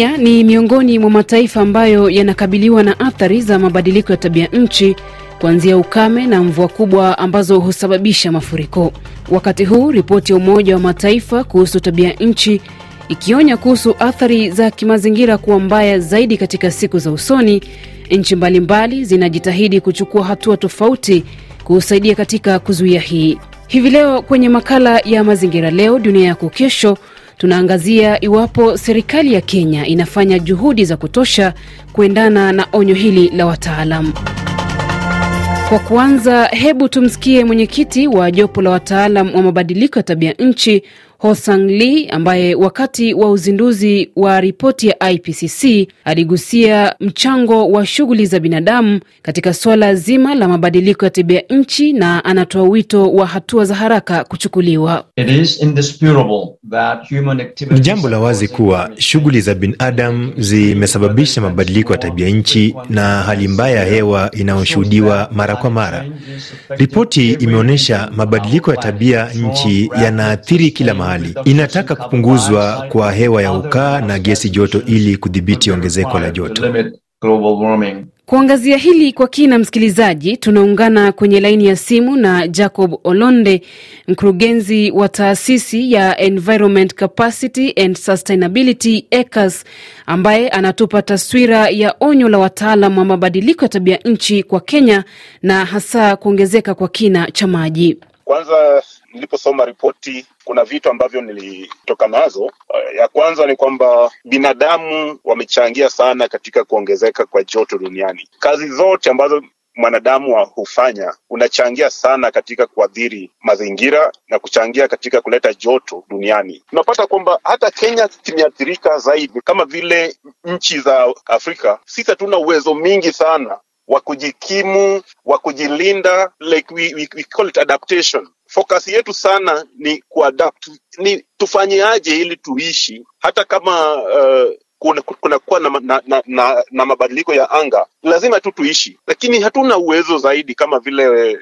Kenya ni miongoni mwa mataifa ambayo yanakabiliwa na athari za mabadiliko ya tabia nchi kuanzia ukame na mvua kubwa ambazo husababisha mafuriko. Wakati huu ripoti ya Umoja wa Mataifa kuhusu tabia nchi ikionya kuhusu athari za kimazingira kuwa mbaya zaidi katika siku za usoni, nchi mbalimbali zinajitahidi kuchukua hatua tofauti kuusaidia katika kuzuia hii. Hivi leo kwenye makala ya mazingira leo dunia yako kesho Tunaangazia iwapo serikali ya Kenya inafanya juhudi za kutosha kuendana na onyo hili la wataalam. Kwa kuanza, hebu tumsikie mwenyekiti wa jopo la wataalam wa mabadiliko ya tabia nchi Hosang Lee ambaye wakati wa uzinduzi wa ripoti ya IPCC aligusia mchango wa shughuli za binadamu katika suala zima la mabadiliko ya tabia nchi na anatoa wito wa hatua za haraka kuchukuliwa. Ni jambo la wazi kuwa shughuli za binadamu zimesababisha mabadiliko ya tabia nchi na hali mbaya ya hewa inayoshuhudiwa mara kwa mara. Ripoti imeonyesha mabadiliko ya tabia nchi yanaathiri kila mahali. Inataka kupunguzwa kwa hewa ya ukaa na gesi joto ili kudhibiti ongezeko la joto. Kuangazia hili kwa kina, msikilizaji, tunaungana kwenye laini ya simu na Jacob Olonde, mkurugenzi wa taasisi ya Environment Capacity and Sustainability ECAS, ambaye anatupa taswira ya onyo la wataalam wa mabadiliko ya tabia nchi kwa Kenya na hasa kuongezeka kwa kina cha maji. Kwanza niliposoma ripoti, kuna vitu ambavyo nilitoka nazo. Eh, ya kwanza ni kwamba binadamu wamechangia sana katika kuongezeka kwa joto duniani. Kazi zote ambazo mwanadamu wa hufanya unachangia sana katika kuathiri mazingira na kuchangia katika kuleta joto duniani. Tunapata kwamba hata Kenya kimeathirika zaidi, kama vile nchi za Afrika. Sisi hatuna uwezo mingi sana wa kujikimu wa kujilinda like we, we, we call it adaptation focus yetu sana ni kuadapt, ni tufanyeaje ili tuishi hata kama uh, kuna kunakuwa na, na, na, na, na mabadiliko ya anga, lazima tu tuishi, lakini hatuna uwezo zaidi kama vile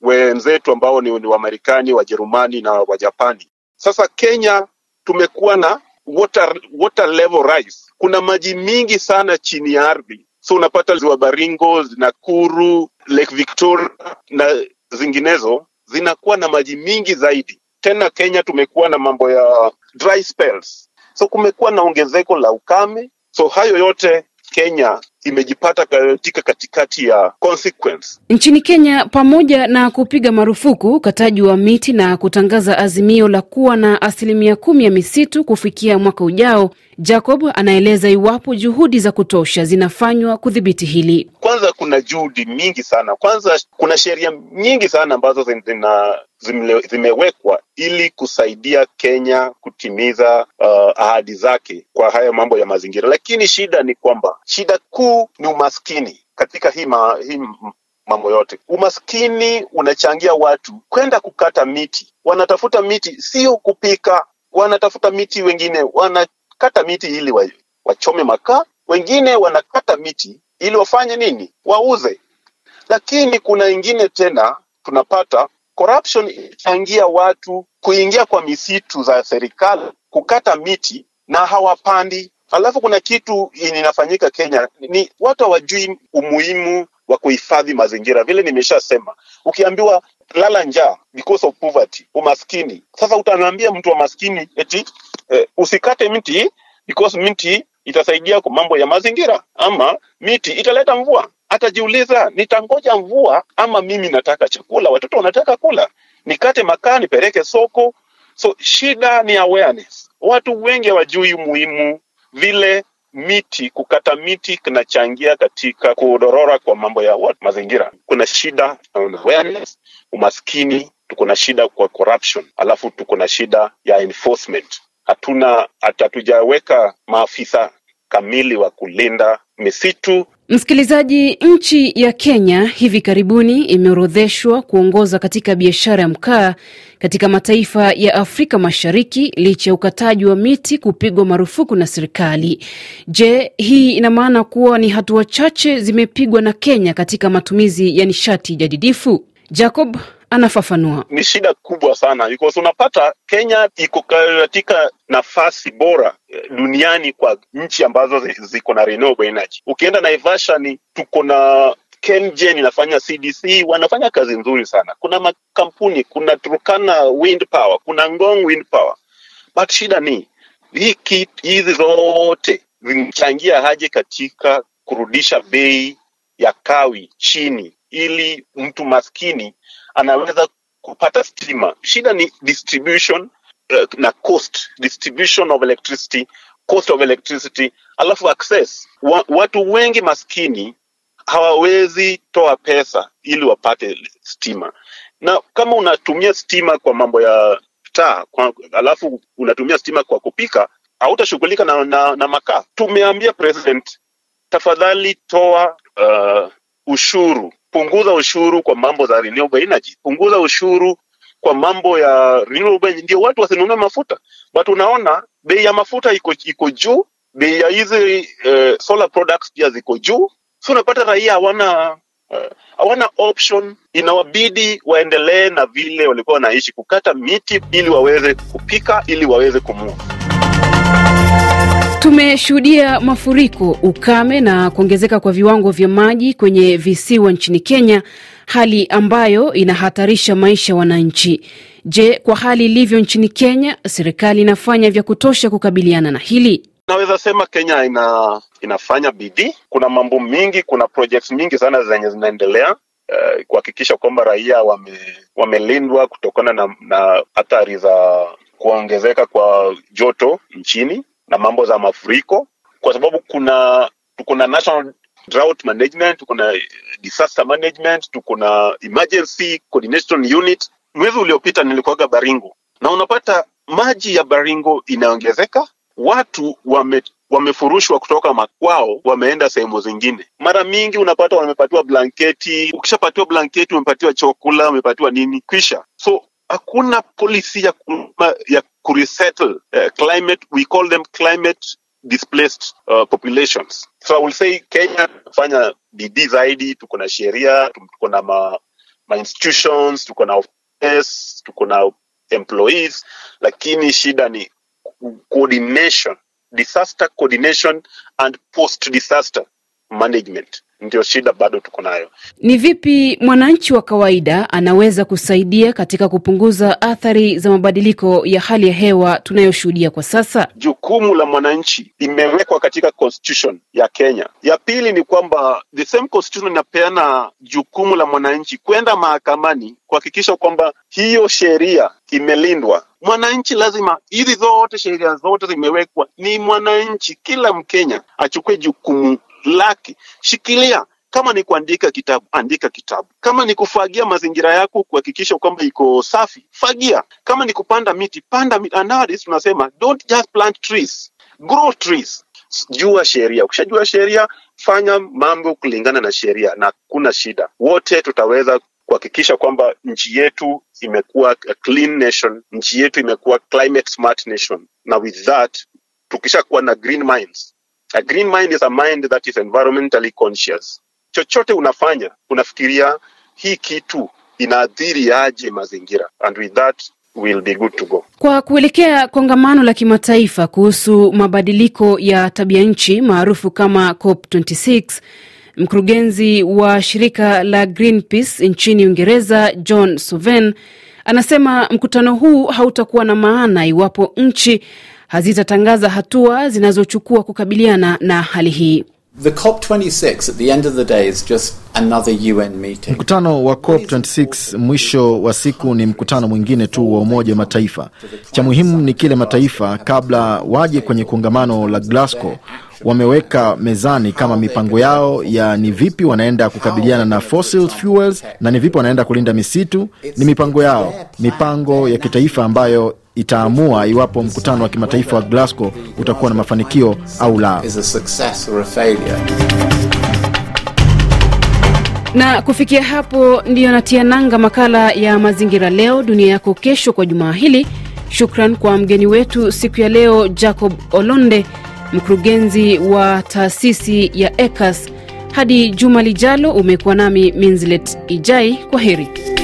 wenzetu ambao ni, ni Wamarekani, Wajerumani na Wajapani. Sasa Kenya tumekuwa na water, water level rise. Kuna maji mingi sana chini ya ardhi, so unapata ziwa Baringo, Nakuru, Lake Victoria na zinginezo zinakuwa na maji mingi zaidi. Tena Kenya tumekuwa na mambo ya dry spells, so kumekuwa na ongezeko la ukame. So hayo yote Kenya imejipata katika katikati ya consequence. Nchini Kenya, pamoja na kupiga marufuku ukataji wa miti na kutangaza azimio la kuwa na asilimia kumi ya misitu kufikia mwaka ujao, Jacob anaeleza iwapo juhudi za kutosha zinafanywa kudhibiti hili. Kwanza kuna juhudi mingi sana, kwanza kuna sheria nyingi sana ambazo zina zimle, zimewekwa ili kusaidia Kenya kutimiza uh, ahadi zake kwa haya mambo ya mazingira, lakini shida ni kwamba shida kuu ni umaskini katika hii, ma, hii mambo yote. Umaskini unachangia watu kwenda kukata miti, wanatafuta miti sio kupika, wanatafuta miti, wengine wanakata miti ili wa, wachome makaa, wengine wanakata miti ili wafanye nini? Wauze. Lakini kuna ingine tena tunapata Corruption ilichangia watu kuingia kwa misitu za serikali kukata miti na hawapandi. Alafu kuna kitu inafanyika Kenya, ni watu hawajui umuhimu wa kuhifadhi mazingira. Vile nimeshasema, ukiambiwa lala njaa because of poverty, umaskini. Sasa utanaambia mtu wa maskini eti eh, usikate mti because miti itasaidia kwa mambo ya mazingira ama miti italeta mvua atajiuliza nitangoja mvua ama mimi nataka chakula? Watoto wanataka kula, nikate makaa nipeleke soko. So shida ni awareness. Watu wengi hawajui muhimu vile miti kukata miti kunachangia katika kudorora kwa mambo ya watu, mazingira. Kuna shida awareness, umaskini, tuko na shida kwa corruption, alafu tuko na shida ya enforcement. Hatuna hatujaweka maafisa kamili wa kulinda misitu Msikilizaji, nchi ya Kenya hivi karibuni imeorodheshwa kuongoza katika biashara ya mkaa katika mataifa ya Afrika Mashariki licha ya ukataji wa miti kupigwa marufuku na serikali. Je, hii ina maana kuwa ni hatua chache zimepigwa na Kenya katika matumizi ya nishati jadidifu? Jacob Anafafanua, ni shida kubwa sana because unapata Kenya iko katika nafasi bora eh, duniani kwa nchi ambazo ziko na renewable energy. Ukienda Naivasha ni tuko na KenGen inafanya CDC wanafanya kazi nzuri sana. Kuna makampuni, kuna Turkana Wind Power, kuna Ngong Wind Power, but shida ni hii kit hizi zote zinchangia haje katika kurudisha bei ya kawi chini, ili mtu maskini anaweza kupata stima. Shida ni distribution uh, na cost, distribution of electricity, cost of electricity, alafu access. Wa, watu wengi maskini hawawezi toa pesa ili wapate stima, na kama unatumia stima kwa mambo ya taa kwa, alafu unatumia stima kwa kupika hautashughulika na, na, na makaa. Tumeambia president tafadhali toa uh, ushuru punguza ushuru kwa mambo za renewable energy, punguza ushuru kwa mambo ya renewable, ndio watu wasinunue mafuta. But unaona bei ya mafuta iko iko juu, bei ya hizi eh, solar products pia ziko juu, so unapata raia hawana eh, hawana uh, option, inawabidi waendelee na vile walikuwa wanaishi, kukata miti ili waweze kupika, ili waweze kumua. Tumeshuhudia mafuriko, ukame na kuongezeka kwa viwango vya maji kwenye visiwa nchini Kenya, hali ambayo inahatarisha maisha ya wananchi. Je, kwa hali ilivyo nchini Kenya, serikali inafanya vya kutosha kukabiliana na hili? Naweza sema Kenya ina, inafanya bidii. Kuna mambo mingi, kuna projects mingi sana zenye zinaendelea Uh, kuhakikisha kwamba raia wamelindwa wame kutokana na hatari za kuongezeka kwa joto nchini na mambo za mafuriko, kwa sababu kuna tuko na national drought management, tuko na eh, disaster management, tuko na emergency coordination unit. Mwezi uliopita nilikuaga Baringo na unapata maji ya Baringo inaongezeka, watu wame wamefurushwa kutoka makwao, wameenda sehemu zingine. Mara mingi unapata wamepatiwa blanketi, ukishapatiwa blanketi umepatiwa chakula, umepatiwa nini, kisha so hakuna polisi ya, ya resettle uh, climate, we call them climate displaced uh, populations. So I will say Kenya fanya bidii zaidi, tuko na sheria, tuko na ma, ma institutions, tuko na office, tuko na employees, lakini shida ni coordination, disaster coordination and post disaster management ndio shida bado tuko nayo. Ni vipi mwananchi wa kawaida anaweza kusaidia katika kupunguza athari za mabadiliko ya hali ya hewa tunayoshuhudia kwa sasa? Jukumu la mwananchi limewekwa katika constitution ya Kenya. Ya pili ni kwamba the same constitution inapeana jukumu la mwananchi kwenda mahakamani kuhakikisha kwamba hiyo sheria imelindwa. Mwananchi lazima, hizi zote sheria zote zimewekwa, ni mwananchi, kila Mkenya achukue jukumu lake. Shikilia, kama ni kuandika kitabu, andika kitabu. Kama ni kufagia mazingira yako kuhakikisha kwamba iko safi, fagia. Kama ni kupanda miti, panda miti. tunasema don't just plant trees, grow trees. Jua sheria. Ukishajua sheria, fanya mambo kulingana na sheria, na kuna shida, wote tutaweza kuhakikisha kwamba nchi yetu imekuwa clean nation, nchi yetu imekuwa climate smart nation, na with that tukishakuwa na green minds A green mind is a mind that is environmentally conscious. Chochote unafanya unafikiria hii kitu inaathiri aje mazingira, and with that will be good to go. Kwa kuelekea kongamano la kimataifa kuhusu mabadiliko ya tabia nchi maarufu kama COP26, mkurugenzi wa shirika la Greenpeace nchini Uingereza John Suven anasema mkutano huu hautakuwa na maana iwapo nchi hazitatangaza hatua zinazochukua kukabiliana na hali hii. Mkutano wa COP26 mwisho wa siku ni mkutano mwingine tu wa Umoja wa Mataifa. Cha muhimu ni kile mataifa kabla waje kwenye kongamano la Glasgow wameweka mezani kama mipango yao ya ni vipi wanaenda kukabiliana na fossil fuels na ni vipi wanaenda kulinda misitu. Ni mipango yao, mipango ya kitaifa ambayo itaamua iwapo mkutano wa kimataifa wa Glasgow utakuwa na mafanikio au la. Na kufikia hapo ndiyo natia nanga makala ya mazingira leo dunia yako kesho kwa jumaa hili. Shukran kwa mgeni wetu siku ya leo Jacob Olonde, mkurugenzi wa taasisi ya ECAS. Hadi juma lijalo, umekuwa nami Minzlet Ijai. Kwa heri.